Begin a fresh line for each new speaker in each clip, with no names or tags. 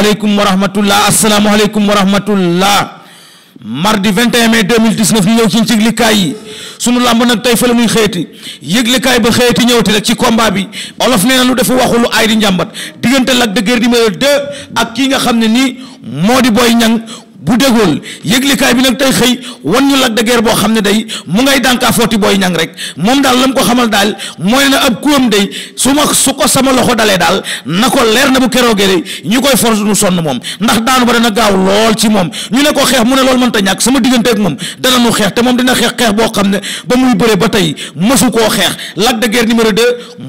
asalaamaaleykum wa rahmatullah asalaamaaleykum wa rahmatullah mais 21 mai 2019 ñu ñëw ci yëglikaay yi sunu làmb nag tey fa la muy xëyati yëglikaay ba xëyati ñëwati rek ci combat bi olof nee na lu dafa waxu lu aay di njàmbat diggante Lac de Guiers numéro 2 ak kii nga xam ne nii moo di booy Niang bu dégool yëglikaay bi nag tey xëy wan ñu Lac de Guiers boo xam ne day mu ngay dànkaa footi booy ñang rek moom daal la mu ko xamal daal mooy na ab kuwam day su ma su ko sama loxo dalee daal na ko leer na bu keroogee day ñu koy force nu sonn moom ndax daanu ba dana gaaw lool ci moom ñu ne ko xeex mu ne loolu mënta ñàkk sama diggante ak moom dana nu xeex te moom dina xeex xeex boo xam ne ba muy bëre ba tey mësu koo xeex Lac de Guiers numéro 2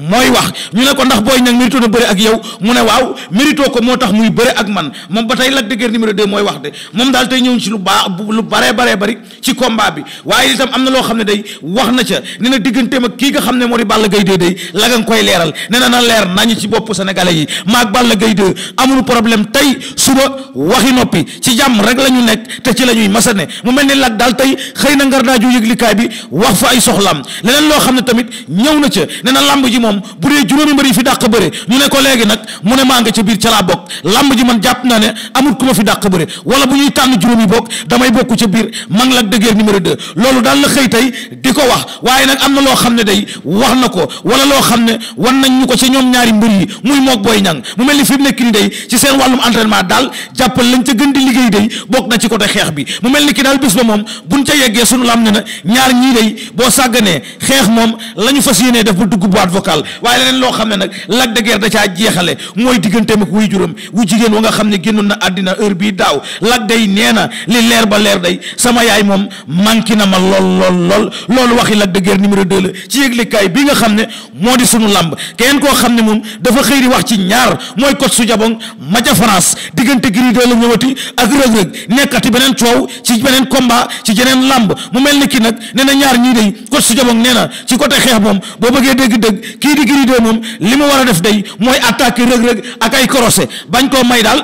mooy wax ñu ne ko ndax booy ñang mérito na bëre ak yow mu ne waaw mérito ko moo tax muy bëre ak man moom ba tey Lac de Guiers numéro 2 mooy wax de moom daal tey ñëw ci lu baax lu baree baree bari ci combat bi waaye itam am na loo xam ne day wax na ca ne na digganteem ak kii nga xam ne moo di Balla Gaye 2 day la nga koy leeral ne na na leer nañu ci bopp sénégalais yi maag Balla Gaye 2 amul problème tey suba waxi noppi ci jàmm rek la ñu nekk te ci la ñuy masane mu mel ni lak daal tey xëy na ngar daaju yëglikaay bi wax ay soxlaam leneen loo xam ne tamit ñëw na ca ne lamb ji moom bu dee juróomi mbër yi fi dàq bëre mu ne ko léegi nag mu ne maa nga ca biir ca laa bokk làmb ji man jàpp naa ne amul ku ma fi dàq bëre wala bu ñuy ñuy tànn juróomi bokk damay bokk ca biir man la dëgër numéro deux loolu daal la xëy tey di ko wax waaye nag am na loo xam ne day wax na ko wala loo xam ne wan nañ ñu ko ci ñoom ñaari mbër yi muy moog booy ñang mu mel ni fi mu nekk nii ci seen wàllum entraînement daal jàppal lañ ca gën di liggéey day bokk na ci côté xeex bi mu mel ni ki daal bis ba moom buñ ca yeggee sunu lam ne na ñaar ñii day boo sàgganee xeex moom la ñu fas yéenee def ba dugg boîte vocale waaye leneen loo xam ne nag Lac de da caa jeexale mooy digganteem ak wuy juróom wu jigéen wa nga xam ne génnoon na àddina heure bii daaw Lac day sëy nee na li leer ba leer day sama yaay moom manqué na ma lool lool lool loolu waxi Lac de Guiers numéro 2 la ci yëglekaay bi nga xam ne moo di suñu làmb keneen koo xam ne moom dafa xëy di wax ci ñaar mooy coach su jabong ma ca France diggante Gris 2 la ñëwati ak Reug Reug nekkati beneen coow ci beneen combat ci jeneen làmb mu mel ni ki nag nee na ñaar ñii day coach su jabong nee na ci côté xeex moom boo bëggee dégg dëgg kii di Gris moom li mu war a def day mooy attaquer Reug Reug ak ay korosé bañ koo may daal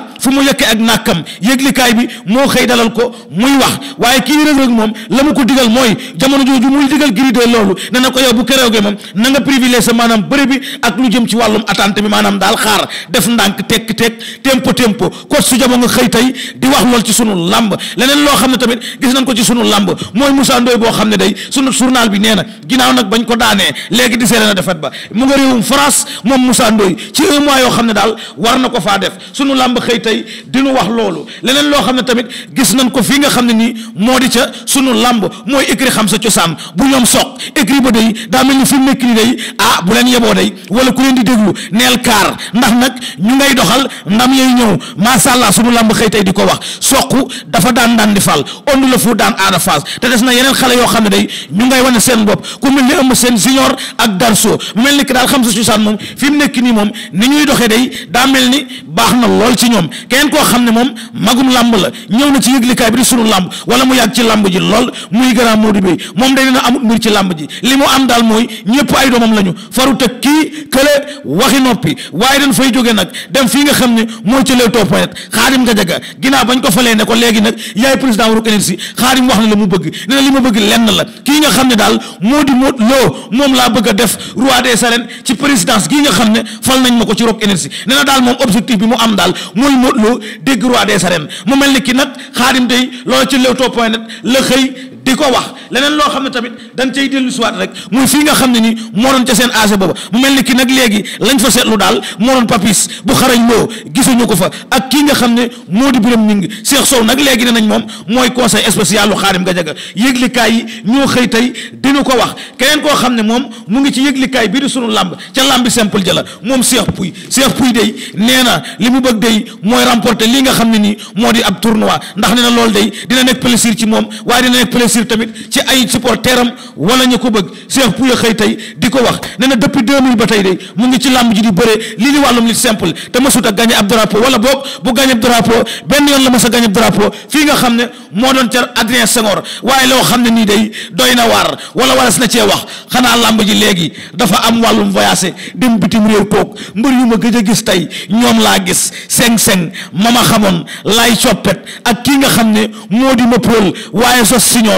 ak nàkkam moo xëy dalal ko muy wax waaye kii Reug Reug moom la mu ko digal mooy jamono jooju muy digal Gris 2 loolu ne na ko yow bu keroogee moom na nga privilégié sa maanaam bëre ak lu jëm ci wàllum attente bi maanaam daal xaar def ndànk tekk-tekk tempo tempo ko su jamo nga xëy tey di wax lool ci sunu lamb leneen loo xam ne tamit gis nañ ko ci sunu lamb mooy Moussa Ndoye boo xam ne day sunu journal bi nee na ginnaaw nag bañ ko daanee léegi di seere na ba mu nga réewum France moom Moussa Ndoye ci yoo xam ne daal war na ko faa def sunu lamb xëy tey dinu wax loolu leneen loo xam ne tamit gis nañ ko fii nga xam ne nii moo di ca sunu làmb mooy écrit xam sa cosaan bu ñoom soq écrit ba day daa mel ni fi mu nekk nii day ah bu leen yeboo day wala ku leen di déglu neel kaar ndax nag ñu ngay doxal ndam yooyu ñëw macha allah sunu làmb xëy tey di ko wax soq dafa daan daan fal ond la fu daan aada faas te na yeneen xale yoo xam ne day ñu ngay wane seen bopp ku mel ni ëmb seen junior ak darso mel ni ki daal xam sa cosaan moom fi mu nekk nii moom ni ñuy doxee day daa mel ni baax na lool ci ñoom keneen koo xam ne moom magum làmb la ñëw na ci yëglikaay bi di sunu làmb wala mu yàgg ci làmb ji lool muy grand Modou Bey moom day dina amut mbir ci làmb ji li mu am daal mooy ñëpp ay doomam lañu faru teg kii kële waxi noppi waaye dañ fay jóge nag dem fii nga xam ne mooy ci Leewtoo point Xaadim Gajaga ginnaaw bañ ko falee ne ko léegi nag yaay président Rock Énergie Xaadim wax na la mu bëgg ne li ma bëgg lenn la kii nga xam ne daal moo di Modou Lo laa bëgg def roi des arènes ci présidence gii nga xam ne fal nañ ma ko ci Rock Énergie nee na daal moom objectif bi mu am daal mooy Modou Lo dégg roi des arènes mu mel ni ki nag xaadim day loolu ci Leewtoo point net la di ko wax leneen loo xam ne tamit dañ cay dellu siwaat rek muy fii nga xam ne ni moo doon ca seen âge booba mu mel ni ki nag léegi lañ fa lu daal moo doon papis bu xarañ loo gisuñu ko fa ak kii nga xam ne moo di biram ning seex Sow nag léegi ne nañ moom mooy conseil spécial lu Xaadim Gajaga yëglikaay yi ñoo xëy tey dina ko wax keneen koo xam ne moom mu ngi ci yëglikaay bii di sunu làmb ca làmbi simple ja la moom seex Pouy Cheikh Pouy day nee na li mu bëgg day mooy remporter li nga xam ne nii moo di ab tournoi ndax nee na loolu day Bachir tamit ci ay supporter am wala ñu ko bëgg Cheikh Pouye xëy tey di ko wax ne na depuis 2000 ba tey de mu ngi ci làmb ji di bëree lii li wàllum li simple te masut a gagné ab drapeau wala boog bu gagné ab drapeau benn yoon la mas a gagné ab drapeau fii nga xam ne moo doon ca Adrien Senghor waaye loo xam ne nii day doy na waar wala waras na cee wax xanaa làmb ji léegi dafa am wàllum voyage dem bitim réew koog mbër yu ma gëj a gis tey ñoom laa gis seng-seng mama xamoon lay coppet ak kii nga xam ne moo di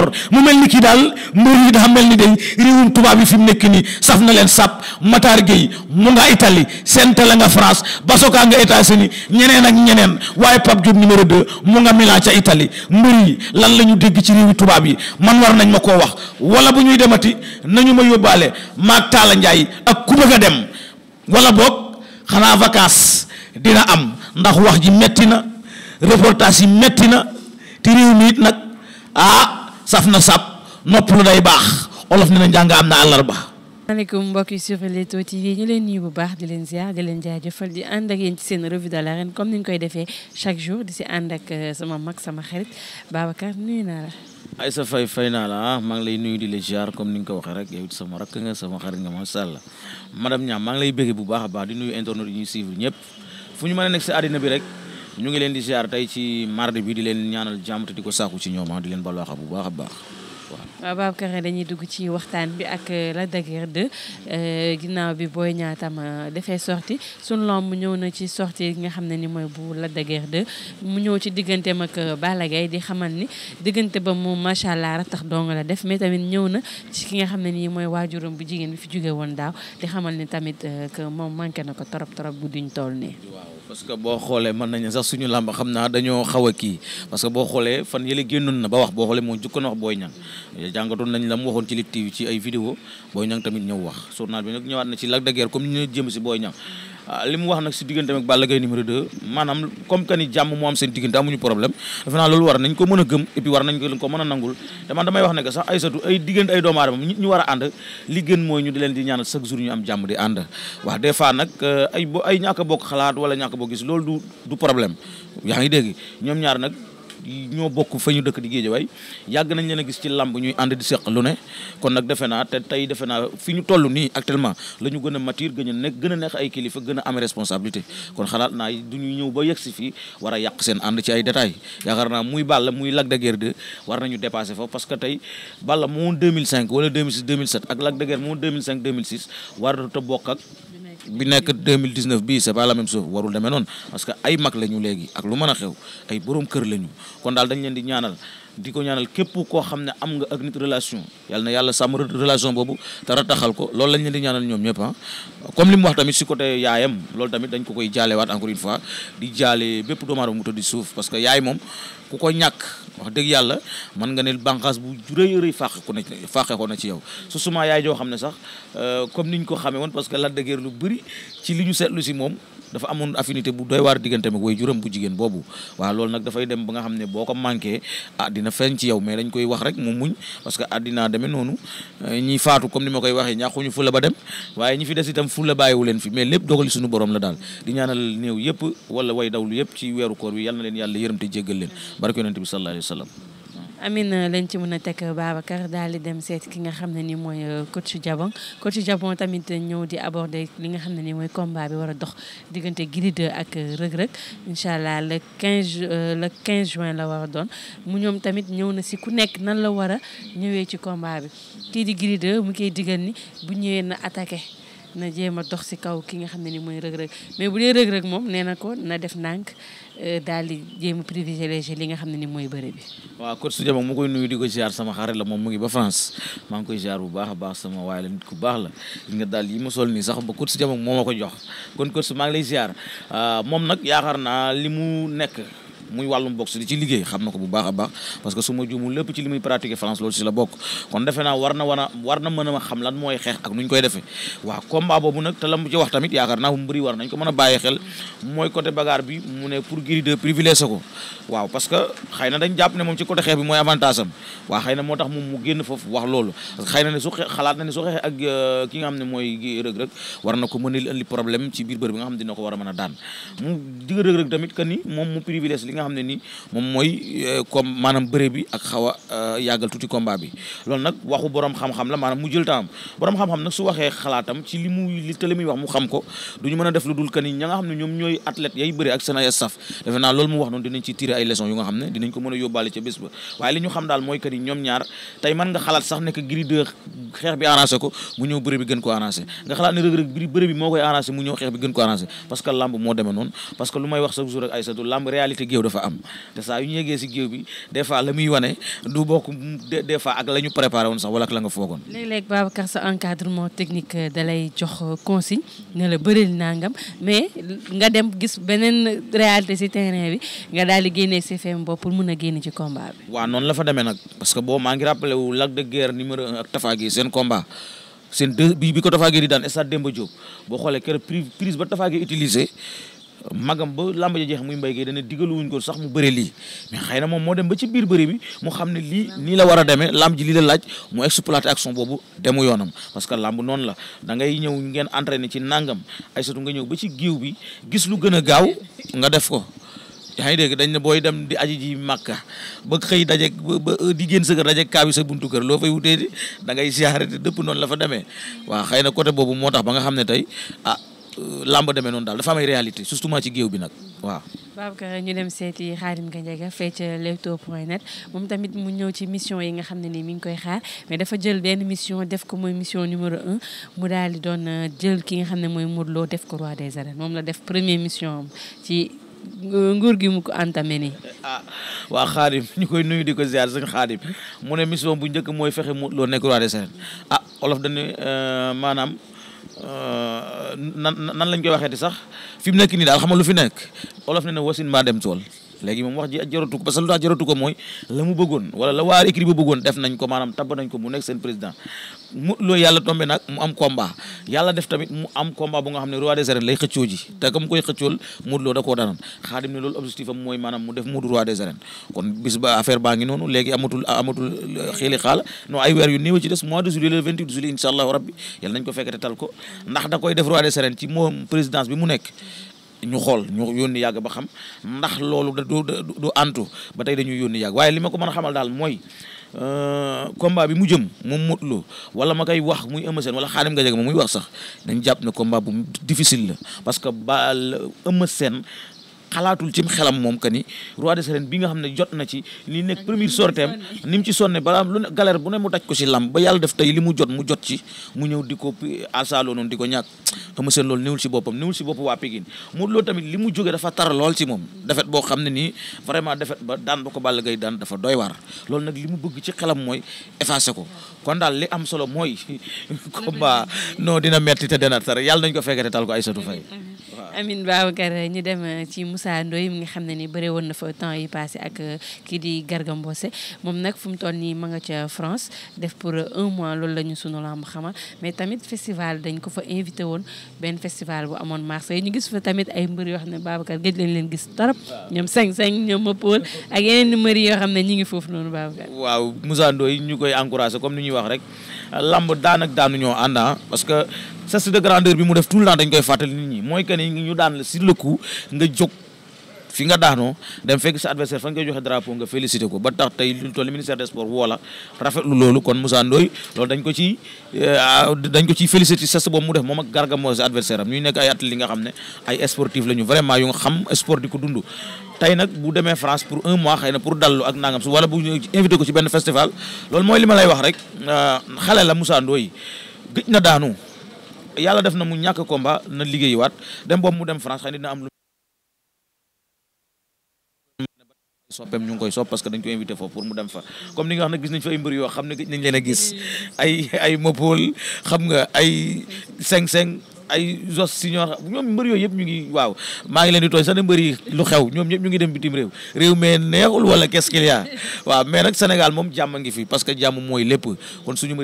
yor mu mel ni kii daal mbir yi daa mel ni day réewum tubaab yi fi mu nekk nii saf na leen sàpp Matar Gueye mu nga Italie Sente la nga France Basoka nga États-Unis ñeneen ak ñeneen waaye Pape Diop numéro 2 mu nga Milan ca itali mbir yi lan la ñu dégg ci réewi tubaab yi man war nañ ma koo wax wala bu ñuy demati nañu ma yóbbaale maag Talla Ndiaye ak ku bëgg a dem wala boog xanaa vacances dina am ndax wax ji metti na reportage yi metti na te réew mi saf na sap nopp lu day baax olof ne na njàng am na àllarba.
maaleykum mbokk yi sur Leewtoo TV ñu leen nuyu bu baax di leen ziar di leen jaajëfal di ànd ak yéen ci seen revue de l'arène comme ni ñu koy defee chaque jour di si ànd ak euh, sama mag sama xarit Babacar nuyu naa la.
Aïssa Faye fay naa la ah maa ngi lay nuyu di la ziar comme ni nga ko waxee rek yow sama rakk nga sama xarit nga macha allah madame Niang maa ngi lay bëgg bu baax a baax di nuyu internautes yi ñuy suivre ñëpp fu ñu mën nekk si àddina bi rek. ñu ngi leen di ziar tey ci mardi bi di leen ñaanal jàmm te di ko sàkku ci ñoom ah, di leen balwaaxa bu baax a baax waaw
Babacar dañuy dugg ci waxtaan bi ak euh, Lac de Guiers 2 euh, ginnaaw bi Boy Niang tam euh, defee sorti sunu lomb ñëw na ci sorti nga xam ne ni mooy bu Lac de Guiers 2 mu ñëw ci digganteem ak Balla Gaye di xamal ni diggante ba mu macha allah tax dong la def mais tamit ñëw na ci ki nga xam ne nii mooy waajuram bu jigéen bi fi jóge woon daaw di xamal ni tamit que moom manqué na ko torop torop bu duñ toll nii.
parce que boo xoolee mën nañu sax suñu làmb xam naa dañoo xaw a kii parce que boo xoolee fan yële génnoon na ba wax boo xoolee moo jukkoon wax Boy Niang jàngatoon nañ la mu waxoon ci Lutte TV ci ay vidéo Boy Niang tamit ñëw wax journal bi nag ñëwaat na ci Lac de Guiers comme ni ñu jéem si Boy Niang Ah, li mu wax nag si digganteem ak Balla Gaye numéro 2 maanaam comme que ni jàmm moo am seen diggante amuñu problème defe naa loolu war nañ ko mën a gëm et war nañ ko mën a nangul te man damay wax ne que sax ay satu ay diggante ay doomu ñu war a ànd li mooy ñu di leen di ñaanal chaque jour ñu am jàmm di ànd wax des fois nag euh, ay ñàkk bokk xalaat wala ñàkk a bokk gis loolu du du problème yaa ngi dégg ñoom ñaar nag ñoo bokk fa ñu dëkk di Géejawaay yàgg nañ leen a gis ci làmb ñuy ànd di seq lu ne kon nag defe naa te tey defe naa fi ñu toll nii actuellement la ñu gën a mature a nekk a nekk ay kilifa gën a am responsabilité kon xalaat naa du ñu ñëw ba yegg si fii war a yàq seen ànd ci ay détails yaakaar naa muy Balla muy Lac de Guiers 2 war nañu dépasser foofu parce que tey Balla moom 2005 wala 2006 2007 ak Lac de Guiers moom 2005 2006 war ta bokk ak bi nekk 2019 bii c'est pas la même chose warul demee noonu parce que ay mag lañu ñu léegi ak lu mën a xew ay borom kër la ñu kon daal dañ leen di ñaanal di ko ñaanal képp koo xam ne am nga ak nit relation yàlla na yàlla sàmm relation boobu te rataxal ko loolu lañ leen di ñaanal ñoom ñëpp ah comme li wax tamit si côté yaayam loolu tamit dañ ko koy jaalewaat encore une fois di jaale bépp doomu mu tëdd di suuf parce que yaay moom ku ko ñàkk wax dëgg yàlla mën nga ne bànqaas bu rëy rëy faaxe ko na faaxe na ci yow su suma yaay joo xam ne sax euh, comme niñ ko xamee woon parce que la dëgër lu bëri ci li ñu seetlu si moom dafa amoon affinité bu doy waar diggante ak bu jigéen boobu waaw loolu nag dafay dem ba nga xam ne boo ko manqué ah dina feeñ ci yow mais dañ koy wax rek mu muñ parce que àddina demee noonu eh, ñi faatu comme ni ma koy waxee ñàkkuñu fulla ba dem waaye ñi fi des itam fulla bàyyiwu leen fi mais lépp dogali suñu borom la daal di ñaanal néew yëpp wala way dawlu yëpp ci weeru koor wi yal na leen yàlla yërëm te jéggal leen barke yonente bi sallallahu alayhi
Amina lañ ci mën a tekk Babacar daal di dem seet ki nga xam ne ni mooy euh, coach Jabon coach Jabon tamit ñëw di aborder li nga xam ne ni mooy combat bi war a dox diggante Gris ak euh, Reug Reug incha allah le 15 euh, le 15 juin la war a doon mu ñoom tamit ñëw na si ku nekk nan la war a ñëwee ci combat bi kii di Gris mu koy digal ni bu ñëwee na attaqué. na jéem a dox si kaw ki nga xam ne ni mooy rëg-rëg mais bu dee rëg-rëg moom nee ko na def ndànk euh, daal di jéem a li nga xam ne ni mooy bëre bi
waaw coach Diama mu koy nuyu di ko ziar sama xarit la moom mu ngi ba France maa ngi koy ziar bu baax a baax sama waaye la nit ku baax la gis nga daal yi ma sol nii sax ba coach Diama moo ma ko jox kon coach maa ngi lay ziar euh, moom nag yaakaar naa li mu nekk muy wàllum boxe ci liggéey xam na ko bu baax baax parce que su ma juumul lépp ci li muy pratiquer France loolu si la bokk kon defe naa war mën a xam lan mooy xeex ak nuñ koy defee waaw combat boobu nag te la mu ci
euh,
rëg-rëg tamit que ni moom mu privilégié li nga nga xam ne nii moom mooy euh, comme maanaam bëre ak xaw a euh, yàggal tuuti combat nag waxu borom xam-xam la maanaam mu jël temps borom xam-xam ne ñoom ñaar tey mën nga xalaat sax nekk Gris xeex bi arrangé ko mu ñëw bëre gën ko arrangé nga xalaat ne Reug Reug bi moo koy arrangé mu ñëw xeex bi gën ko arrangé parce que lamb moo demee noonu parce que lu may wax chaque jour ak Aïssatou lamb réalité géew fa am te saa yu ñu yeggee si géew bi des la muy wane du bokk des ak la ñu woon sax wala ak la foogoon.
léeg-léeg Babacar sa encadrement technique euh, da lay jox euh, consigne ne la bëril nangam mais nga dem gis beneen réalité si terrain bi nga daal di génnee si feem bopp pour mun a génn ci combat bi.
waaw noonu la fa demee nag parce que boo maa ngi rappelé wu Lac de Guerre numéro un ak Tafa gi seen combat. bi bi ko Tafa di daan stade Demba ba Tafa Gueye magam ba làmb ja jeex muy mbéy gi dana digalu wuñ ko sax mu bëre lii mais xëy na moom moo dem ba ci biir bëri bi mu xam ne lii nii la war a demee làmb ji lii la laaj mu exploité action boobu yoonam parce que làmb noonu la da ngay ñëw ngeen entraîné ci nangam ay nga ñëw ba ci bi gis lu gën a gaaw nga def ko yaa ngi dégg dañ ne booy dem di aji ji màkka ba xëy daje ba di génn sa kër daje kaabi sa buntu kër loo fay wutee di da ngay siyaare dëpp noonu la fa demee mm. waa xëy na côté boobu moo tax ba nga xam ne tey ah, Euh, làmb demee noonu daal dafa am ay réalité surtout ci géew bi nag waaw.
Babacar ñu dem seeti Khadim Gadiaga fee ca Leewtoo point mu ñëw ci mission yi nga xam ne nii mi ngi koy xaar mais dafa jël benn mission def ko mooy mission numéro un mu daal di doon euh, jël ki nga xam ne mooy Modou Lo def ko roi des arènes moom la def première mission ci euh, nguur gi mu ko entamé nii. ah
waa Khadim ñu koy nuyu di ko ziar sëñ Khadim mu ne mission bu njëkk mooy fexe Modou Lo nekk roi des arènes ah olof dañu maanaam. Euh, nan nan lañ koy waxeeti sax fi mu nekk nii daal xam nga lu fi nekk olof ne ne wasin maa dem tool léegi moom wax ji jaratu ko parce que lu la mu bëggoon wala la waa écrit ba bëggoon ko maanaam tabb nañ ko mu nekk seen président mu loolu yàlla mu am combat yàlla def tamit mu am combat bu nga xam ne roi des arènes lay xëccoo ji te comme koy xëccool Modou Lo da koo danoon xaadim ne loolu objectif am mooy maanaam mu def Modou roi des arènes kon bis affaire baa ngi noonu léegi amatul amatul xiili xaala non ay weer yu néew ci des mois de juillet le 28 juillet incha allahu rabbi yàlla nañ ko fekkete tal ko ndax da koy def roi des ci moom présidence bi mu nekk ñu xool ñu yónni yàgg ba xam ndax loolu da du du antu ba tey dañuy yónni yàgg waaye li ma ko mën a xamal daal mooy euh, combat bi mu jëm moom Modou wala ma koy wax muy Eumeu Sène wala Khadim Gadiaga moom muy wax sax dañ jàpp ne combat bu difficile la parce que ba Eumeu Sène xalaatul cim xelam moom que ni roi des arènes bi nga xam ne jot na ci li nekk première sorteem ni mu ci sonne balaa lu ne galère bu ne mu daj ko si lam ba yàlla def tey li mu jot mu jot ci mu ñëw di ko asaaloo noonu di ko ñàkk si boppam néewul si bopp waa Pikine mu loolu tamit li mu jógee dafa tar lool ci moom defet boo xam ne nii vraiment defet ba daan ba ko Balla Gaye daan dafa doy waar loolu nag li mu bëgg ci xelam mooy effacé ko kon daal li am solo mooy combat non dina metti te dana tar yàlla nañ ko fekkete tal ko Aïssatou Faye
waaw Moussa Ndoye mi nga xam ne ni bëre woon na fa temps yi passé ak euh, kii di Garga moom nag fu toll nii ma France def pour euh, un mois loolu la ñu sunu xamal mais tamit festival dañ ne ñu ngi foofu noonu Babacar
waaw Moussa Ndoye ñu koy encouragé comme ah, ñi mooy que ñu daan la sur nga jóg fi nga daanoo dem fekk sa adversaire fan nga joxe drapeau nga félicité ko ba tax tey toll ministère des sports woola rafetlu loolu kon Moussa Ndoye loolu dañ ko ci euh, félicité sa boobu mu def moom ak Garga adversaire am ñuy nekk ay athlètes nga xam ne ay sportif la vraiment yu xam sport di ko nag bu demee France pour un mois xëy na pour dallu ak nangam su wala bu invité ko ci benn festival loolu mooy li lay wax rek euh, xale la Moussa gëj na soppeem ñu ngi koy sopp parce que dañ ko invité foofu pour mu dem fa comme ni nga xam ne gis nañ fa ay mbër yoo xam ne nañ leen a gis mm. ay ay mopol xam nga ay seng seng ay jos si ñoo ñoom mbër yooyu yëpp ñu ngi waaw maa ngi leen di tooñ sax ne mbër lu xew ñoom ñëpp ñu ngi dem bitim réew réew mais neexul wala qu'est-ce a waaw mais Sénégal moom jàmm ngi fi parce que jàmm mooy lépp kon ñu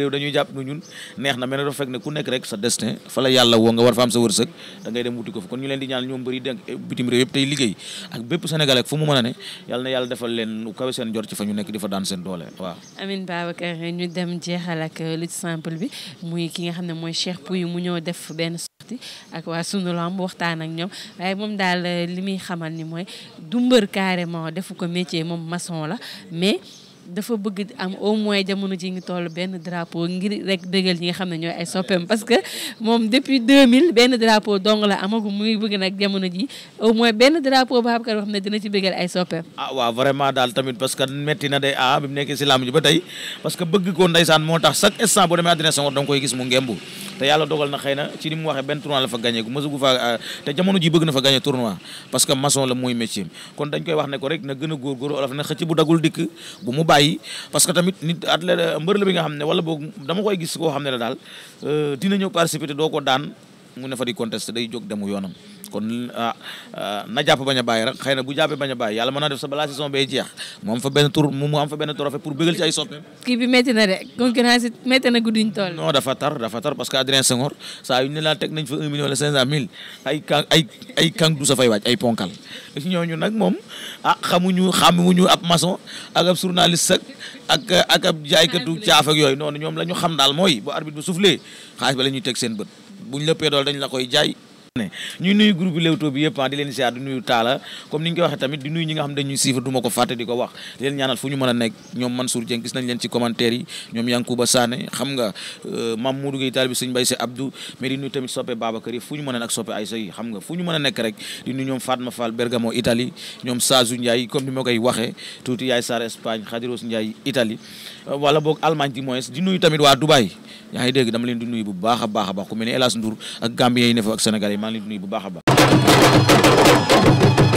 leen di ñaan ñoom mbër yi bitim réew yëpp tey liggéey ak bépp Sénégal fu mu mën ne yàlla na yàlla defal leen lu kawe seen jor ci fa ñu nekk di fa daan seen doole waaw
amin Babacar ñu dem jeexal ak lu simple bi muy parti ak waa sunu lamb waxtaan ak ñoom moom daal euh, li muy xamal ni mooy du mbër carrément defu ko métier moom maçon la mais dafa bëgg am au moins jamono ji ngi toll benn drapeau ngir rek bégal ñi nga xam ne ñooy ay soppeem parce que moom depuis 2000 benn drapeau dong la amagu muy bëgg nag ah,
na day ah, si làmb ji ba tey parce que bëgg ko ndeysaan moo tax chaque instant boo demee àddina sangoor da koy gis mu ngembu te yàlla dogal na xëy ci ni mu waxee benn tournoi la fa gagné gu mësugu euh, la mooy métier kon dañ koy wax ne ko rek na gën a góorgóorlu olof na xëcc bu dagul combat yi parce que tamit nit athlète euh, mbër la bi nga xam ne wala boog dama koy gis koo xam ne la daal euh, dina ñëw participer doo ko daan mu ne fa di contester day jóg demu yoonam kon ah euh, euh, na jàpp bañ a bàyyi rek xëy na bu jàppee bañ a bàyyi yàlla mën naa def sa balaa saison bay jeex mu am fa benn tour mu am fa benn trophée pour bëggal ci ay soppeem. kii bi na tar dafa tar parce que Adrien Senghor saa yu ñu laa teg nañ fa un million wala cinq cent mille ay kan ay ay kan du sa fay wàcc ay ponkal ñooñu nag moom ah xamuñu xamuñu ab maçon ak ab journaliste ak ak ab jaaykatu caaf ak yooyu noonu ñoom la ñu xam daal mooy bu arbitre bu soufflé xaalis ba ñuy teg seen bët buñ lëppee dool dañ la koy jaay ñuy nuyu groupe Leewtoo bi yëpp ah di leen ziar di nuyu taala comme ni ñu ko waxee tamit di nuyu ñi ne ñu mën a nekk ñoom Mansour Dieng gis leen si euh, Abdou di nuyu tamit soppe Babacar a a koy waxee tuuti euh, di moins tamit waa Dubaï yaa dégg dama leen di nuyu bu baax a baax a ni Elas Ndour ak Gambien ak Sénégal yi maa ngi leen di nuyu bu baax a baax